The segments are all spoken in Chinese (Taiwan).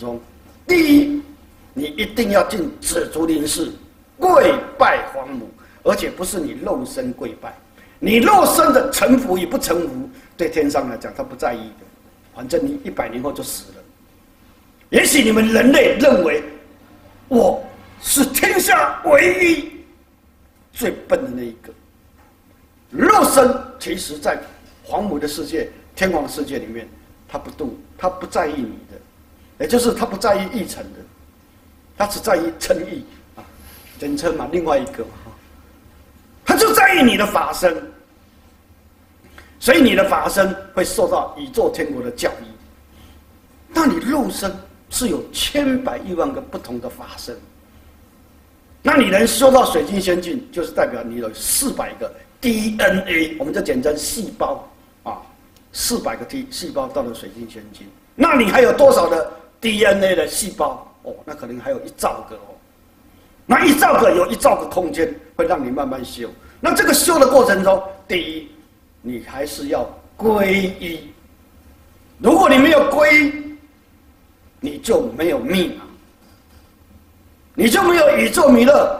中，第一，你一定要進紫竹林寺，跪拜皇母，而且不是你肉身跪拜，你肉身的臣服與不臣服，對天上來講，他不在意的，反正你一百年後就死了。也許你們人類認為我是天下唯一最笨的那一個，肉身其實在皇母的世界、天皇的世界裡面，他不動，他不在意你的。也就是他不在於議程的，他只在於稱意啊，簡稱嘛，另外一個嘛哈、啊，他就在意你的法身，所以你的法身會受到宇宙天國的教義，那你肉身是有千百億萬個不同的法身，那你能收到水晶仙境，就是代表你有四百個 DNA，我們就簡稱細胞啊，四百個 T 細胞到了水晶仙境，那你還有多少的？嗯 DNA 的細胞哦，那可能還有一兆個哦，那一兆個有一兆個空間會讓你慢慢修。那這個修的過程中，第一，你還是要皈依。如果你沒有皈依，你就沒有命啊，你就沒有宇宙彌勒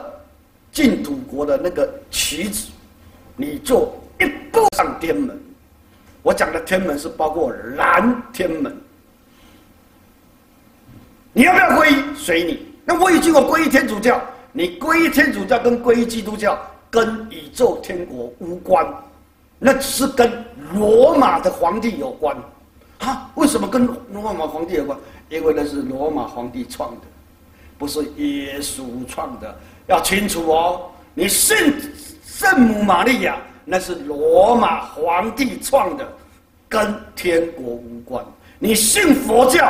淨土國的那個棋子，你就一步上天門。我講的天門是包括藍天門。你要不要皈依？隨你。那我已經有皈依天主教。你皈依天主教跟皈依基督教跟宇宙天國無關，那只是跟羅馬的皇帝有關。啊，為什麼跟羅馬皇帝有關？因為那是羅馬皇帝創的，不是耶穌創的。要清楚哦，你信聖母瑪利亞，那是羅馬皇帝創的，跟天國無關。你信佛教。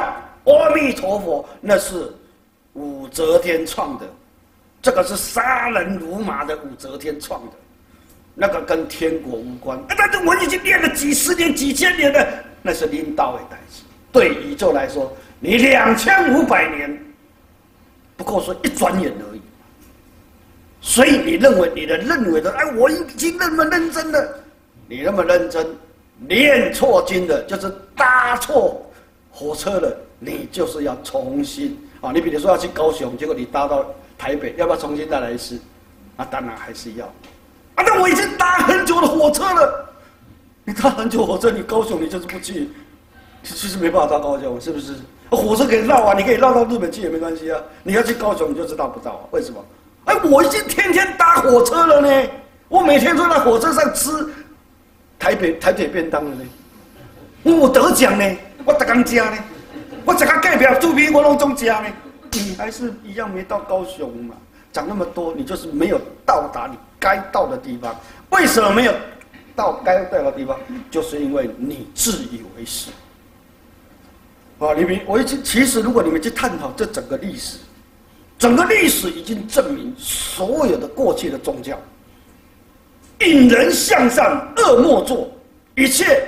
阿彌陀佛，那是武則天創的，這個是殺人如麻的武則天創的，那個跟天國無關。哎、但是我已經練了幾十年，幾千年了，那是領導的代誌。對宇宙來說，你兩千五百年，不過說一轉眼而已。所以你認為你的認為的，哎，我已經那麼認真的，你那麼認真，練錯經的，就是搭錯火車了。你就是要重新啊！你比如說要去高雄，結果你搭到台北，要不要重新再來一次？那、啊、當然還是要。啊，那我已經搭很久的火車了。你搭很久火車，你高雄你就是不去，你就是沒辦法搭高雄，是不是？啊、火車可以繞啊，你可以繞到日本去也沒關係啊。你要去高雄，你就知道不到、啊，為什麼？哎、啊，我已經天天搭火車了呢，我每天坐在火車上吃台北台鐵便當了呢。我得獎呢，我得剛加呢。我整個蓋表，朱庇，我弄中獎呢，你還是一樣沒到高雄嘛。講那麼多，你就是沒有到達你該到的地方。為什麼沒有到該到的地方？就是因為你自以為是。好，你們我已經其實，如果你們去探討這整個歷史，整個歷史已經證明，所有的過去的宗教，引人向善，惡莫作一切。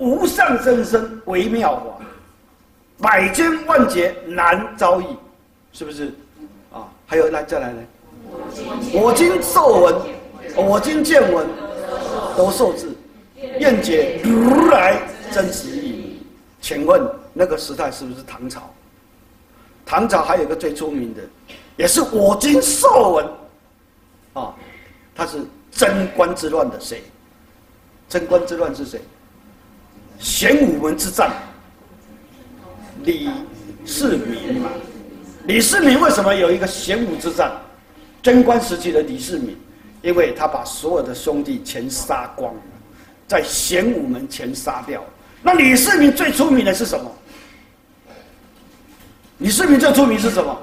無上甚深微妙法，百千萬劫難遭遇，是不是？啊、哦，還有那再來呢？我今受聞，我今見聞，得受持，願解如來真實義。意請問那個時代是不是唐朝？唐朝還有一個最出名的，也是我今受聞，啊、哦，他是貞觀之亂的誰？貞觀之亂是誰？玄武門之戰，李世民嘛？李世民為什麼有一個玄武之戰？貞觀時期的李世民，因為他把所有的兄弟全殺光，在玄武門前殺掉。那李世民最出名的是什麼？李世民最出名是什麼？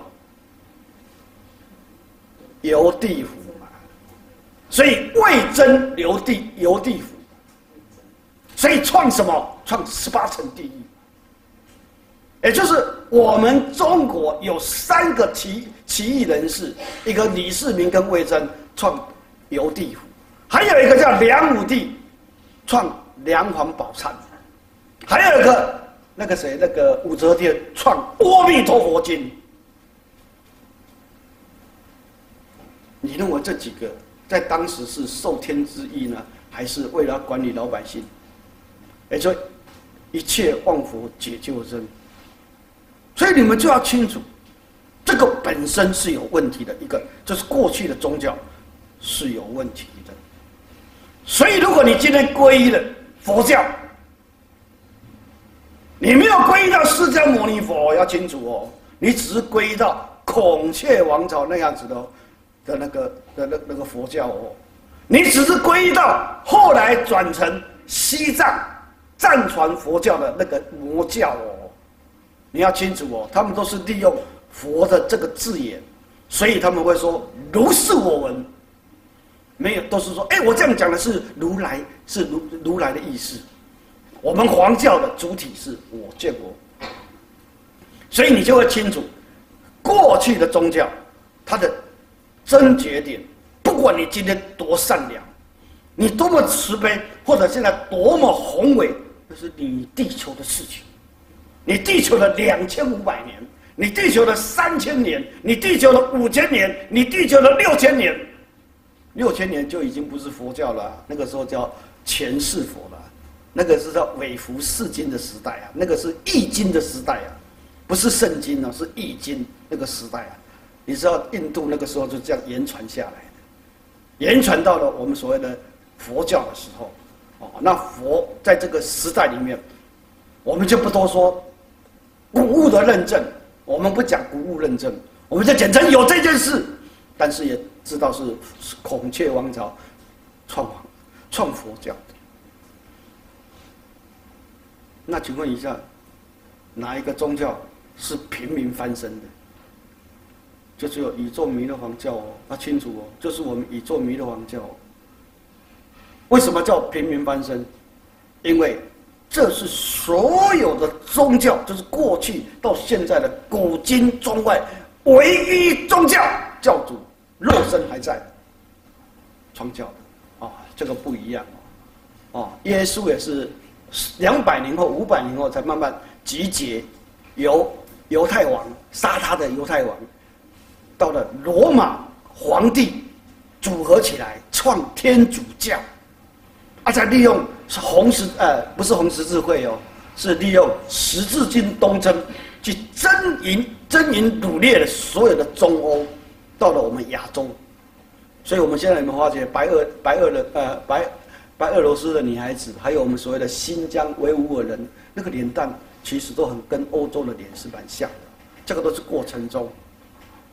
遊地府嘛？所以魏徵遊地遊地府。所以創什麼？創十八層地獄，也就是我們中國有三個奇奇異人士，一個李世民跟魏徵創《遊地府》，還有一個叫梁武帝創《梁皇寶懺》，還有一個那個誰，那個武則天創《阿彌陀佛經》。你認為這幾個在當時是受天之意呢，還是為了管理老百姓？哎，所以一切妄佛解救身，所以你們就要清楚，這個本身是有問題的。一個就是過去的宗教是有問題的，所以如果你今天皈依了佛教，你沒有皈依到釋迦牟尼佛，要清楚哦、喔，你只是皈依到孔雀王朝那樣子的，的那個、的那那個佛教哦、喔，你只是皈依到後來轉成西藏。藏傳佛教的那個魔教哦，你要清楚哦，他們都是利用佛的這個字眼，所以他們會說如是我聞，沒有都是說，哎，我這樣講的是如來是如如來的意思。我們皇教的主體是我見過，所以你就會清楚，過去的宗教，它的真覺點，不管你今天多善良，你多麼慈悲，或者現在多麼宏偉。這是你地球的事情，你地球的兩千五百年，你地球的三千年，你地球的五千年，你地球的六千年，六千年就已經不是佛教了，那個時候叫前世佛了，那個是叫偽佛世經的時代啊，那個是易經的時代啊，不是聖經啊，是易經那個時代啊，你知道印度那個時候就這樣延傳下來的，延傳到了我們所謂的佛教的時候。哦，那佛在這個時代裡面，我們就不多說。古物的認證，我們不講古物認證，我們就簡稱有這件事。但是也知道是孔雀王朝創、創佛教的。那請問一下，哪一個宗教是平民翻身的？就只有宇宙彌勒皇教哦，那、啊、清楚哦，就是我們宇宙彌勒皇教。哦。為什麼叫平民翻身？因為這是所有的宗教，就是過去到現在的古今中外唯一宗教教主肉身還在創教的啊，這個不一樣哦！耶穌也是兩百年後、五百年後才慢慢集結，由猶太王殺他的猶太王，到了羅馬皇帝組合起來創天主教。他在、啊、利用是紅十呃，不是紅十字會哦，是利用十字軍東征去征營、征營擄掠的所有的中歐，到了我們亞洲，所以我們現在有沒有發覺，白俄、白俄的呃，白白俄羅斯的女孩子，還有我們所謂的新疆維吾爾人，那個臉蛋其實都很跟歐洲的臉是蠻像的，這個都是過程中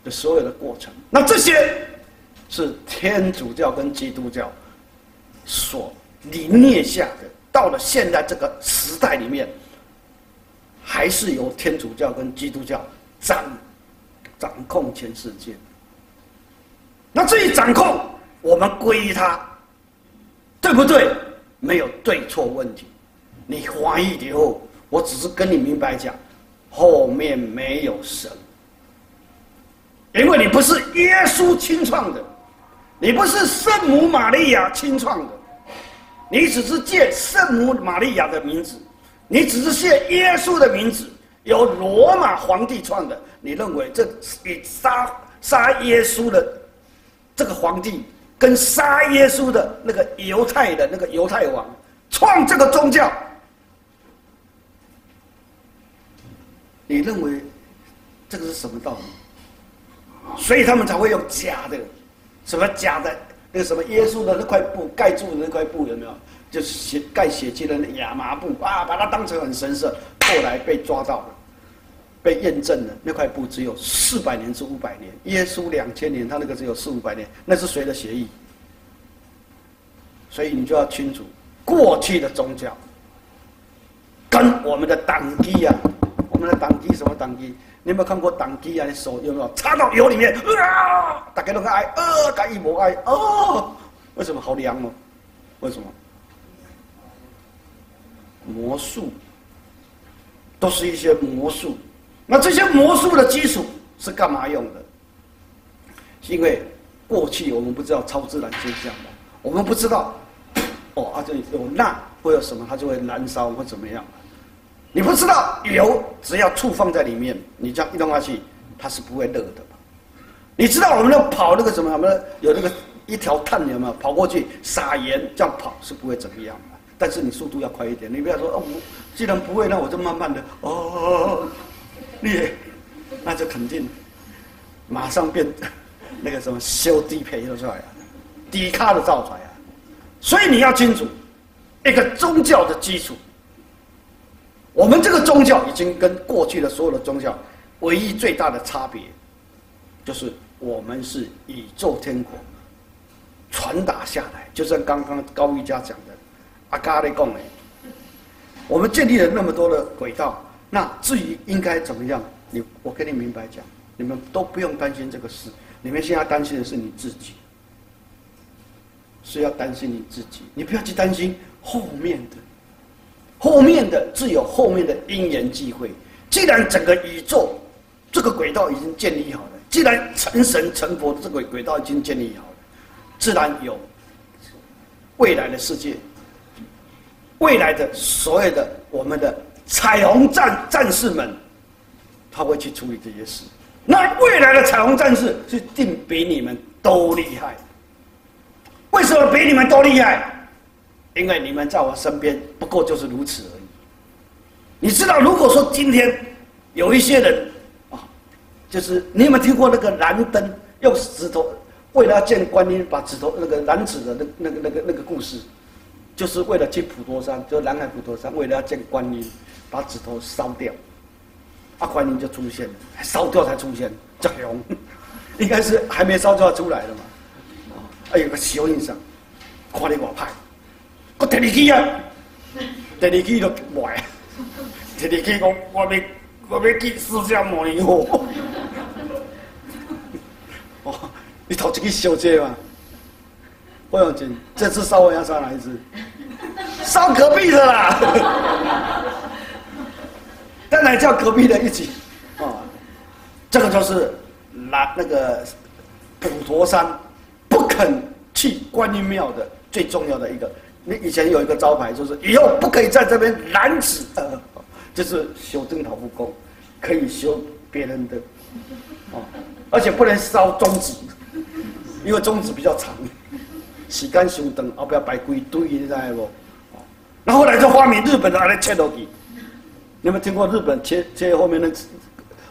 的所有的過程。那這些是天主教跟基督教所。你孽下的到了現在這個時代裡面，還是由天主教跟基督教掌掌控全世界。那至於掌控，我們歸於他，對不對？沒有對錯問題。你懷疑以後，我只是跟你明白講，後面沒有神，因為你不是耶穌親創的，你不是聖母瑪利亞親創的。你只是借聖母瑪利亞的名字，你只是借耶穌的名字，由羅馬皇帝創的。你認為這與殺殺耶穌的這個皇帝，跟殺耶穌的那個猶太的那個猶太王創這個宗教，你認為這個是什麼道理？所以他們才會用假的，什麼假的？那個什麼耶穌的那塊布，蓋住的那塊布有沒有？就是蓋血、蓋血跡的那亞麻布啊，把它當成很神聖，後來被抓到了，被驗證了。那塊布只有四百年至五百年，耶穌兩千年，他那個只有四五百年，那是誰的血迹？所以你就要清楚，過去的宗教跟我們的等級啊，我們的等級什麼等級？你有沒有看過檔機啊？你手有沒有插到油裡面？啊、呃！大家攏愛，啊、呃！乾一摸愛，哦、呃！為什麼好涼哦？為什麼？魔術，都是一些魔術。那這些魔術的基礎是幹嘛用的？是因為過去我們不知道超自然現象嘛，我們不知道哦，啊，這裡有鈉會有什麼？它就會燃燒或怎麼樣？你不知道油，只要醋放在裡面，你這樣一弄下去，它是不會熱的。你知道我們要跑那個什麼什麼，有那個一條碳有沒有跑過去撒鹽這樣跑是不會怎麼樣的。但是你速度要快一點。你不要說哦，我既然不會，那我就慢慢的哦，你那就肯定馬上變那個什麼燒地皮的磚呀、低卡的造磚呀。所以你要清楚，一個宗教的基礎。我們這個宗教已經跟過去的所有的宗教唯一最大的差別，就是我們是宇宙天國傳達下來，就像剛剛高一佳講的阿伽力貢呢。我們建立了那麼多的軌道，那至於應該怎麼樣，你我跟你明白講，你們都不用擔心這個事，你們現在擔心的是你自己，是要擔心你自己，你不要去擔心後面的。後面的自有後面的因緣機會。既然整個宇宙這個軌道已經建立好了，既然成神成佛這個軌道已經建立好了，自然有未來的世界，未來的所有的我們的彩虹戰戰士們，他會去處理這些事。那未來的彩虹戰士是一定比你們都厲害。為什麼比你們都厲害？因為你們在我身邊，不過就是如此而已。你知道，如果說今天有一些人啊、哦，就是你有沒有聽過那個燃燈用指頭為了要見觀音，把指頭那個燃指的那個、那個那個那個故事，就是為了去普陀山，就是、南海普陀山，為了要見觀音，把指頭燒掉，啊，觀音就出現了，燒掉才出現，這熊，應該是還沒燒就要出來了嘛？啊，還有個小聞異誇你裡瓦派。我第二期啊，第二期都賣啊！第二期講我沒我別去四下摸你火。 哦，你頭一個小姐嗎我有靖。 這次燒我要上來一次， 燒隔壁的啦！哪 來叫隔壁的一起啊、哦，這個就是那那個普陀山不肯去觀音廟的最重要的一個。你以前有一個招牌，就是以後不可以在這邊燃紙，就是修正統木工，可以修別人的，啊、呃，而且不能燒中指，因為中指比較長，時間相當，不要擺鬼堆，你知道不？那後，後來就發明日本人還在切刀機，你有沒有聽過日本切切後面那個，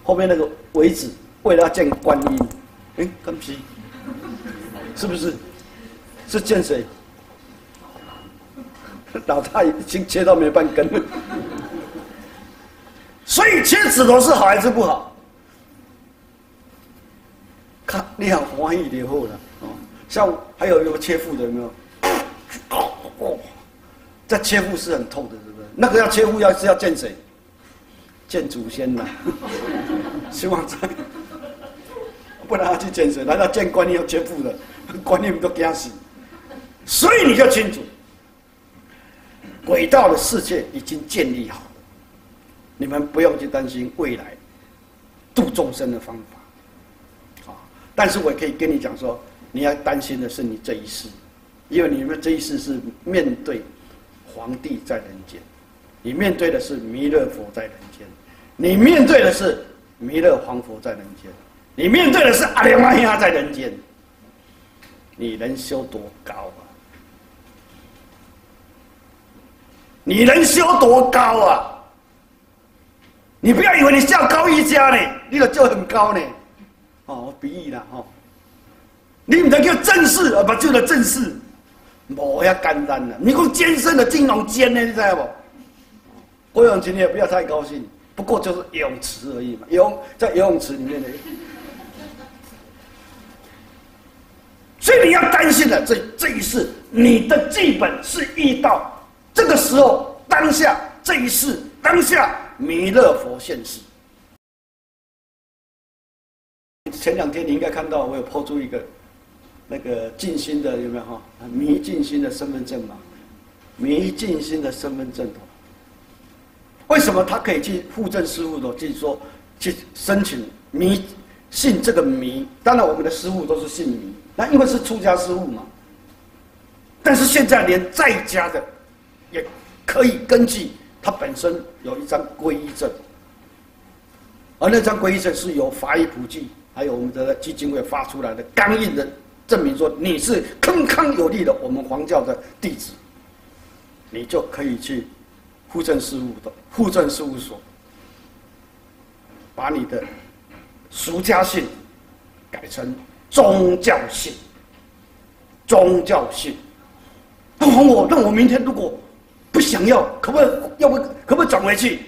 後面那個圍子，為了要建觀音，哎、欸，跟皮，是不是？是建誰？老大已經切到沒半根了，所以切指頭是好還是不好？看，你很懷疑以後呢，哦，像還有一個切腹的有沒有？哦，這切腹是很痛的，是不是？那個要切腹要是要見誰？見祖先了，希望這樣，不然要去見誰？難道見觀音要切腹的？觀念都給他死，所以你就清楚。軌道的世界已經建立好了，你們不用去擔心未來度眾生的方法，啊！但是我可以跟你講說，你要擔心的是你這一世，因為你們這一世是面對皇帝在人間，你面對的是彌勒佛在人間，你面對的是彌勒皇佛在人間，你面對的是阿彌陀佛在人間，你能修多高啊？你能修多高啊？你不要以為你叫高一家呢，你的就很高呢。哦，我比喻啦，哦，你們能叫正事，不就正式啊不叫的正事，沒那麼簡單呢。你講艱深的金融艱呢，你知無？郭永清，你也不要太高興，不過就是泳池而已嘛，泳在游泳池裡面的。 所以你要擔心的，這這一世你的基本是遇到。這個時候，當下這一世，當下彌勒佛現世。前兩天你應該看到，我有拋出一個那個靜心的有沒有哈？彌靜心的身份證嘛，彌靜心的身份證。為什麼他可以去附證師傅的就是說，去申請彌姓這個彌。當然，我們的師傅都是姓彌，那因為是出家師傅嘛。但是現在連在家的，也可以根據他本身有一張皈依證，而那張皈依證是由法義普濟還有我們的基金會發出來的鋼印的證明，說你是鏗鏘有力的我們皇教的弟子，你就可以去戶政事務的戶政事務所，把你的俗家姓改成宗教姓，宗教姓，那我那我明天如果。不想要，可不可以？要不可不可以轉回去？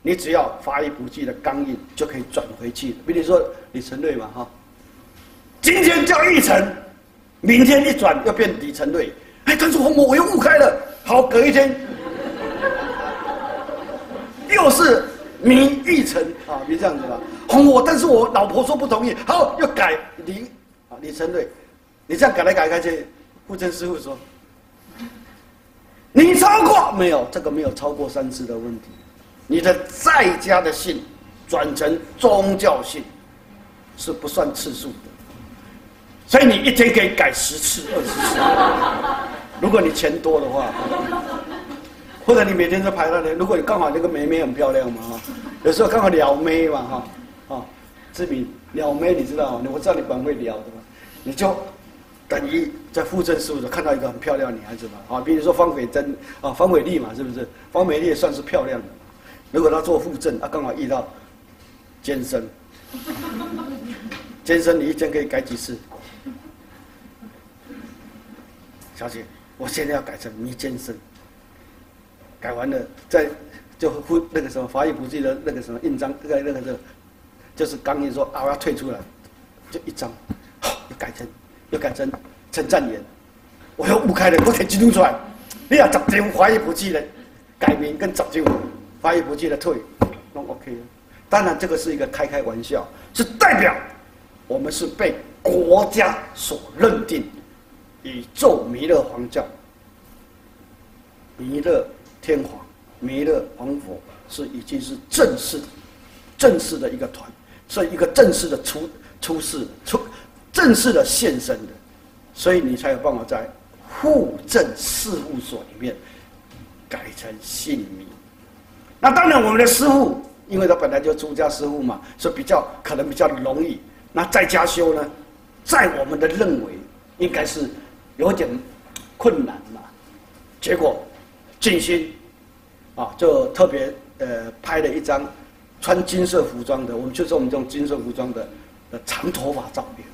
你只要發一部劇的鋼印就可以轉回去。比如說李成瑞嘛，哈，今天叫玉成，明天一轉又變李成瑞。哎、欸，但是哄我我又誤開了，好，隔一天 又是你玉成啊，別這樣子了哄我，但是我老婆說不同意，好，又改李啊李成瑞，你這樣改來改去，顧真師傅說。你超過沒有？這個沒有超過三次的問題。你的在家的信，轉成宗教信，是不算次數的。所以你一天可以改十次、二十次。如果你錢多的話，或者你每天都排到那裡。如果你剛好那個美眉很漂亮嘛哈，有時候剛好撩妹嘛哈，啊，志明撩妹你知道？我知道你蠻會撩的嘛，你就。等於在副書的時候看到一個很漂亮的女孩子嘛？啊，比如說方偉珍啊，方偉麗嘛，是不是？方偉麗也算是漂亮的。如果她做副證，她剛好遇到健身，健身你一天可以改幾次？小姐，我現在要改成迷健身。改完了，再就會那個什麼，法醫不記得那個什麼印章，那個那個那、這個，就是鋼印說啊，我要退出來，就一張，就改成。就改成陳贊言，我又五開了，我給激動出來。你要找這種華嚴不際的，改名跟找這種華嚴不際的退，那 OK 了。當然，這個是一個開開玩笑，是代表我們是被國家所認定，宇宙彌勒皇教、彌勒天皇、彌勒皇佛是已經是正式、正式的一個團，是一個正式的出出世出，正式的現身的，所以你才有辦法在戶政事務所裡面改成姓名。那當然，我們的師父，因為他本來就是出家師父嘛，所以比較可能比較容易。那在家修呢，在我們的認為，應該是有點困難嘛。結果靜心啊，就特別呃拍了一張穿金色服裝的，我們就是我們這種金色服裝的長頭髮照片。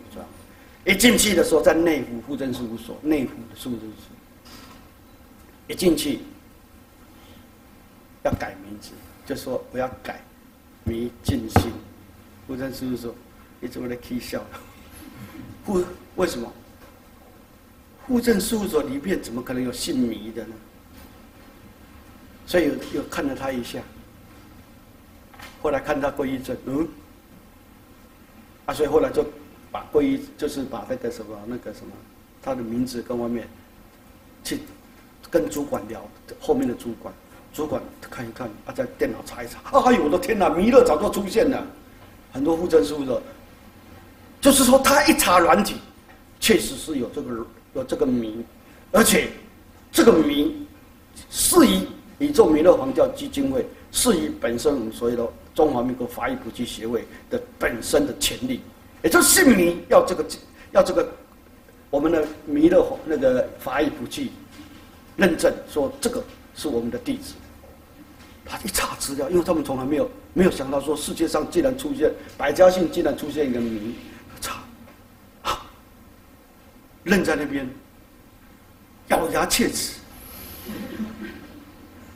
一進去的時候，在內湖戶政事務所，內湖的事務所，一進去要改名字，就說我要改，彌進新，戶政事務所，你怎麼來氣，笑了？為什麼？戶政事務所裡面怎麼可能有姓彌的呢？所以有有看了他一下，後來看到過一陣嗯，啊，所以後來就。把關於就是把那個什麼那個什麼，他的名字跟外面，去跟主管聊後面的主管，主管看一看，啊，在電腦查一查，哎呦我的天哪、啊，彌勒早就出現了，很多護證書的，就是說他一查軟體確實是有這個有這個名，而且這個名是以宇宙彌勒皇教基金會，是以本身我們所謂的中華民國法律普及協會的本身的權利。也就是姓彌要這個，要這個，我們的彌勒佛那個法醫補跡認證說這個是我們的弟子。他一查資料，因為他們從來沒有沒有想到說世界上竟然出現百家姓，竟然出現一個彌，查、啊，愣在那邊，咬牙切齒。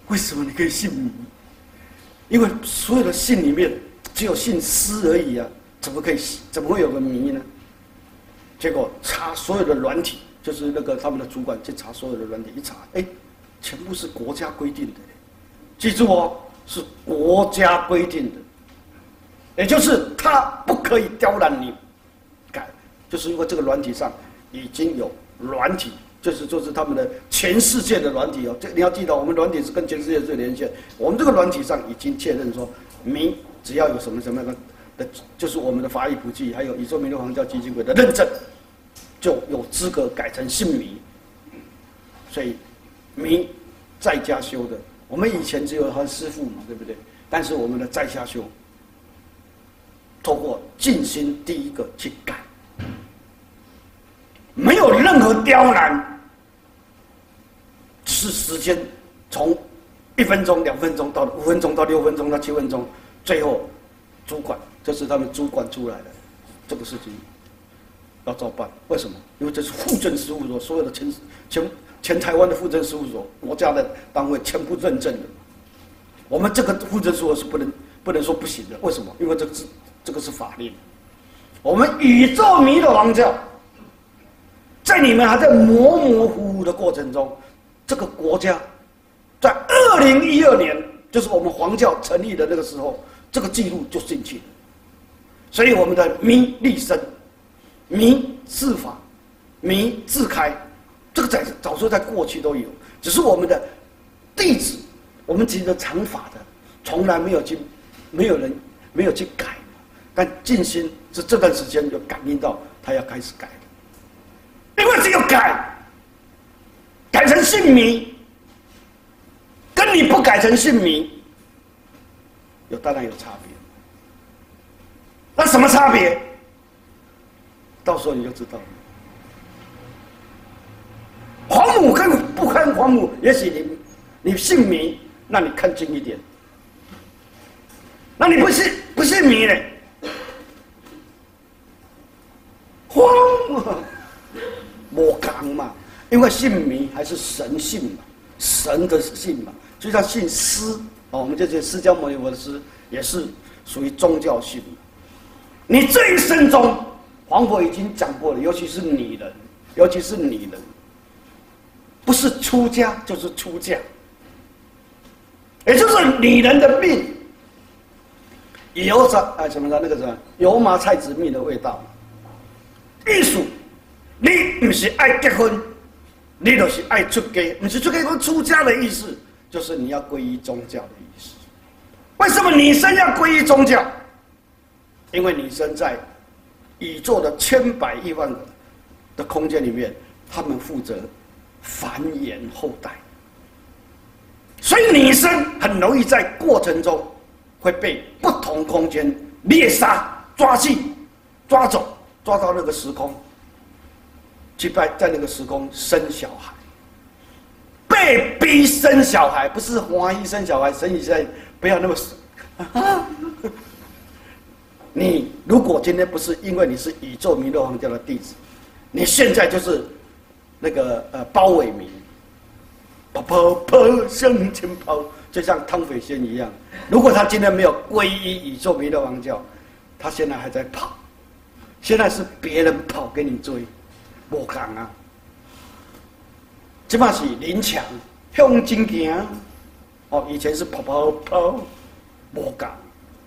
為什麼你可以姓彌？因為所有的姓裡面只有姓司而已啊。怎麼可以？怎麼會有個謎呢？結果查所有的軟體，就是那個他們的主管去查所有的軟體，一查，哎，全部是國家規定的。記住哦，是國家規定的，也就是他不可以刁難你改。就是因為這個軟體上已經有軟體，就是就是他們的全世界的軟體哦。這你要記得，我們軟體是跟全世界最連線。我們這個軟體上已經確認說，你只要有什麼什麼樣的。的就是我們的法語普及，還有宇宙彌勒皇教基金會的認證，就有資格改成姓名。所以，名在家修的，我們以前只有和師父嘛，對不對？但是我們的在家修，透過靜心第一個去改，沒有任何刁難，是時間從一分鐘、兩分鐘到五分鐘到六分鐘到七分鐘，最後。主管，這是他們主管出來的，這個事情要照辦。為什麼？因為這是戶政事務所，所有的全全全台灣的戶政事務所，國家的單位全部認證的。我們這個戶政事務所是不能不能說不行的。為什麼？因為這個是這個是法令。我們宇宙彌勒皇教，在你們還在模模糊糊的過程中，這個國家在二零一二年，就是我們皇教成立的那個時候。這個記錄就進去了，所以我們的名立身、名是法、名自開，這個在早說，在過去都有，只是我們的弟子，我們幾個常法的，從來沒有去，沒有人沒有去改，但靜心是這段時間就感應到他要開始改了，因為只有改，改成姓名，跟你不改成姓名。有當然有差別，那什麼差別？到時候你就知道了。皇母跟不看皇母，也許你你姓迷，那你看近一點。那你不姓，不姓迷嘞？皇母，無、啊、同嘛，因為姓迷還是神姓嘛，神的姓嘛，就像姓師。我們這些釋迦牟尼佛師也是屬於宗教性的。你這一生中，皇佛已經講過了，尤其是女人，尤其是女人，不是出家就是出嫁，也就是女人的命，有着啊什麼的、啊，那個什麼油麻菜籽蜜的味道。意思，你不是愛結婚，你都是愛出家，不是出家出家的意思。就是你要皈依宗教的意思。為什麼女生要皈依宗教？因為女生在宇宙的千百億萬的空間裡面，他們負責繁衍後代，所以女生很容易在過程中會被不同空間獵殺、抓去、抓走、抓到那個時空，去拜，在那個時空生小孩。被逼生小孩，不是歡喜生小孩。神生神仙不要那麼死。 你如果今天不是因為你是宇宙彌勒皇教的弟子，你現在就是那個呃包偉民，跑跑跑，向前跑，就像湯匪仙一樣。如果他今天沒有皈依宇宙彌勒皇教，他現在還在跑，現在是別人跑給你追，我扛啊！即嘛是林強向精行，哦，以前是跑跑跑，無敢，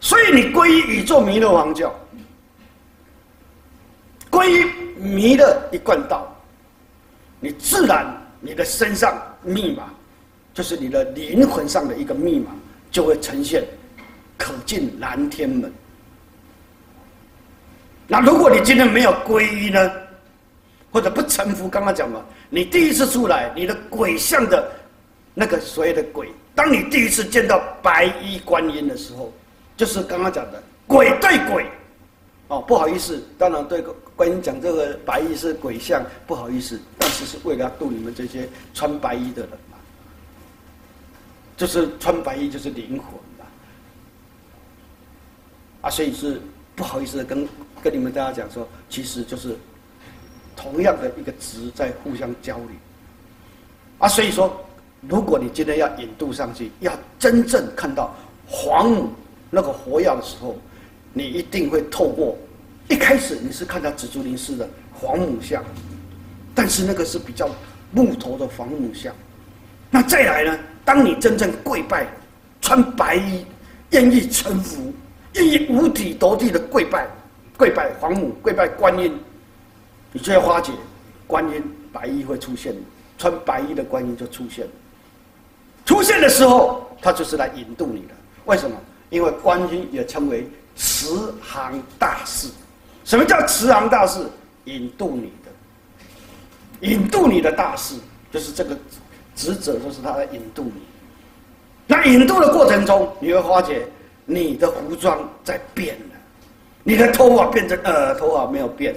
所以你皈依宇宙彌勒皇教，皈依彌勒一貫道，你自然你的身上密碼，就是你的靈魂上的一個密碼，就會呈現可進南天門。那如果你今天沒有皈依呢？或者不臣服，剛剛講嘛，你第一次出來，你的鬼像的，那個所謂的鬼，當你第一次見到白衣觀音的時候，就是剛剛講的鬼對鬼，哦，不好意思，當然對觀音講這個白衣是鬼像，不好意思，但是是為了要渡你們這些穿白衣的人嘛，就是穿白衣就是靈魂嘛，啊，所以是不好意思跟跟你們大家講說，其實就是。同樣的一個值在互相交流啊，所以說，如果你今天要引渡上去，要真正看到皇母那個活藥的時候，你一定會透過一開始你是看到紫竹林寺的皇母像，但是那個是比較木頭的皇母像。那再來呢，當你真正跪拜，穿白衣，願意臣服，願意五體投地的跪拜，跪拜皇母，跪拜觀音。你就會發覺，觀音白衣會出現，穿白衣的觀音就出現出現的時候，他就是來引渡你的。為什麼？因為觀音也稱為慈航大士。什麼叫慈航大士？引渡你的，引渡你的大士，就是這個職責，就是他在引渡你。那引渡的過程中，你會發覺你的服裝在變了，你的頭髮變成……呃，頭髮沒有變。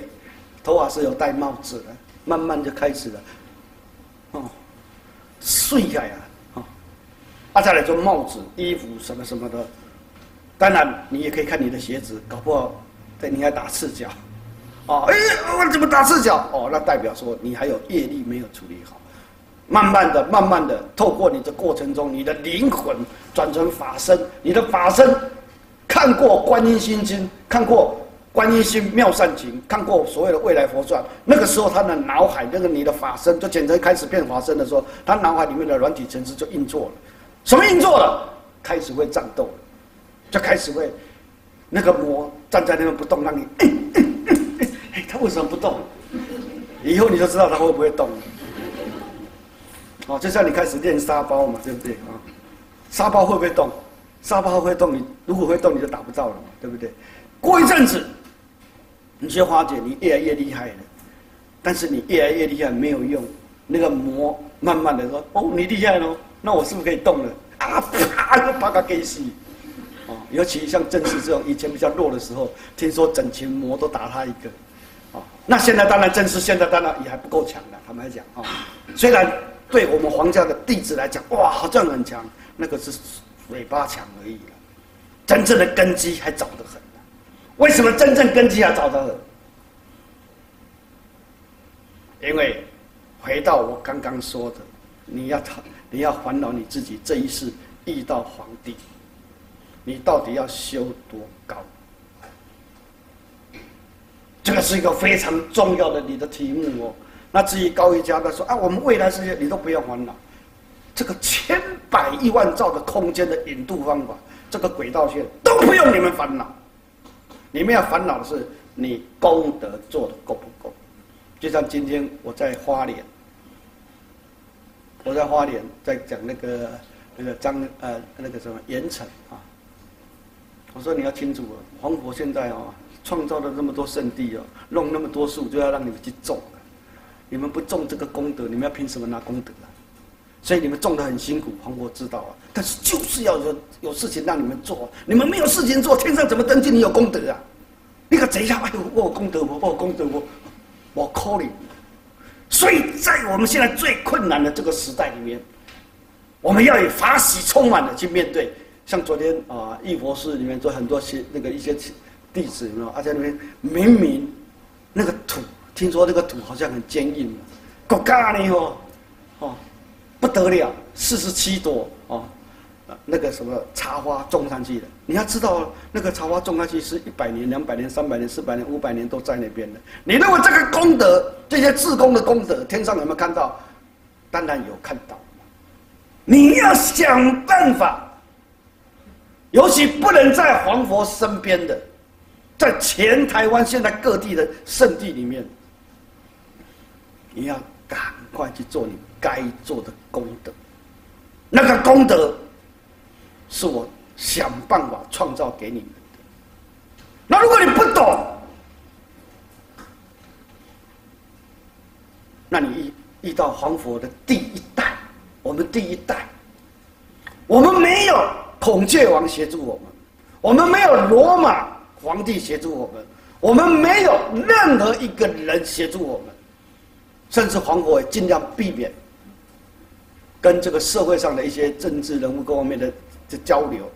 頭髮是有戴帽子的，慢慢就開始了，哦，睡開啊，哦，啊、再來做帽子、衣服什麼什麼的。當然，你也可以看你的鞋子，搞不好對你還打赤腳，啊、哦，哎、欸，我怎麼打赤腳？哦，那代表說你還有業力沒有處理好。慢慢的、慢慢的，透過你的過程中，你的靈魂轉成法身，你的法身看過《觀音心經》，看過。觀音心妙善情，看過所謂的未來佛傳，那個時候他的腦海，那、就、個、是、你的法身就簡直開始變法身的時候，他腦海裡面的軟體層次就運作了，什麼運作了？開始會戰鬥就開始會，那個魔站在那邊不動，讓你、嗯嗯嗯欸，他為什麼不動？以後你就知道他會不會動了。哦，就像你開始練沙包嘛，對不對啊？沙包會不會動？沙包會動，你如果會動，你就打不到了嘛，對不對？過一陣子。你說花姐，你越來越厲害了，但是你越來越厲害沒有用，那個魔慢慢的說，哦，你厲害嘍，那我是不是可以動了？啊，啪，就、啊、把他給死。啊、哦，尤其像鄭氏這種以前比較弱的時候，聽說整群魔都打他一個。哦，那現在當然鄭氏現在當然也還不夠強了，坦白講啊、哦，雖然對我們皇家的弟子來講，哇，好像很強，那個是尾巴強而已了，真正的根基還早得很。為什麼真正根基要找到的？因為回到我剛剛說的，你要操，你要煩惱你自己這一世遇到皇帝，你到底要修多高？這個是一個非常重要的你的題目哦。那至於高一加他說啊，我們未來世界你都不要煩惱，這個千百億萬兆的空間的引渡方法，這個軌道線都不用你們煩惱。你們要煩惱的是，你功德做得夠不夠？就像今天我在花蓮，我在花蓮在講那個那個張呃那個什麼嚴懲啊，我說你要清楚，皇佛現在啊創造了那麼多聖地啊，弄那麼多樹就要讓你們去種，你們不種這個功德，你們要憑什麼拿功德啊？所以你們種的很辛苦，皇佛知道了，但是就是要有有事情讓你們做，你們沒有事情做，天上怎麼登記你有功德啊？你、那個賊呀、哎！我我有功德，我我有功德，我我 call 你。所以在我們現在最困難的這個時代裡面，我們要以法喜充滿的去面對。像昨天啊，義、呃、佛寺裡面做很多些那個一些弟子，有沒而且那邊明明那個土，聽說那個土好像很堅硬嘛，國干呢？哦，哦。不得了，四十七朵哦，那個什麼茶花種上去的，你要知道，那個茶花種上去是一百年、兩百年、三百年、四百年、五百年都在那邊的。你認為這個功德，這些志工的功德，天上有沒有看到？當然有看到。你要想辦法，尤其不能在皇佛身邊的，在全台灣現在各地的聖地裡面，你要。趕快去做你該做的功德，那個功德是我想辦法創造給你們的。那如果你不懂，那你遇到皇佛的第一代，我們第一代，我們沒有孔雀王協助我們，我們沒有羅馬皇帝協助我們，我們沒有任何一個人協助我們。甚至黃國偉盡量避免跟這個社會上的一些政治人物各方面的這交流，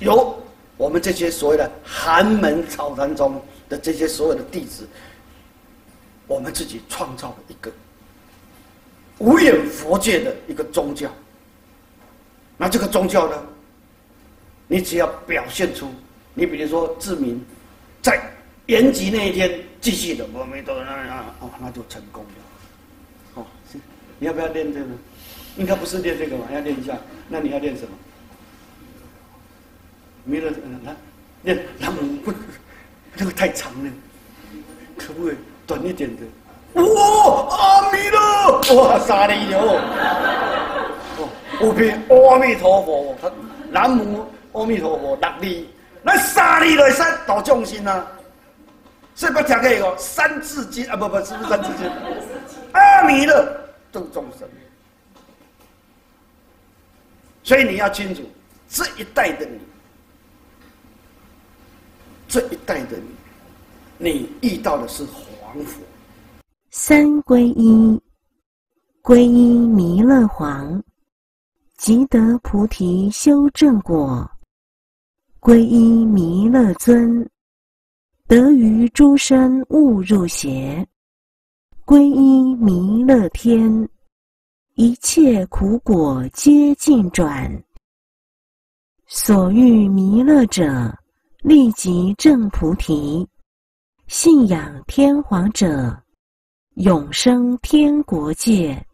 由我們這些所謂的寒門草堂中的這些所有的弟子，我們自己創造了一個無眼佛界的一個宗教。那這個宗教呢，你只要表現出，你比如說志明在延吉那一天繼續的我沒多，那、哦、那就成功了。好、哦，你要不要練這個？應該不是練這個嘛，要練一下。那你要練什麼？彌勒，來練南無不，這個太長了，可不可以短一點的？哇、哦，阿彌勒，哇、 哦、阿彌陀佛，南無阿彌陀佛，大悲，那沙彌來三大眾生啊。所以不講這個，《三字經》啊，不不，是不是《三字經》？ 啊、彌勒度眾生，所以你要清楚，這一代的你，這一代的你，你遇到的是皇佛。三皈依，皈依彌勒皇，即得菩提修正果；皈依彌勒尊，得於諸生勿入邪。皈依彌勒天，一切苦果皆盡轉。所欲彌勒者，立即證菩提；信仰天皇者，永生天國界。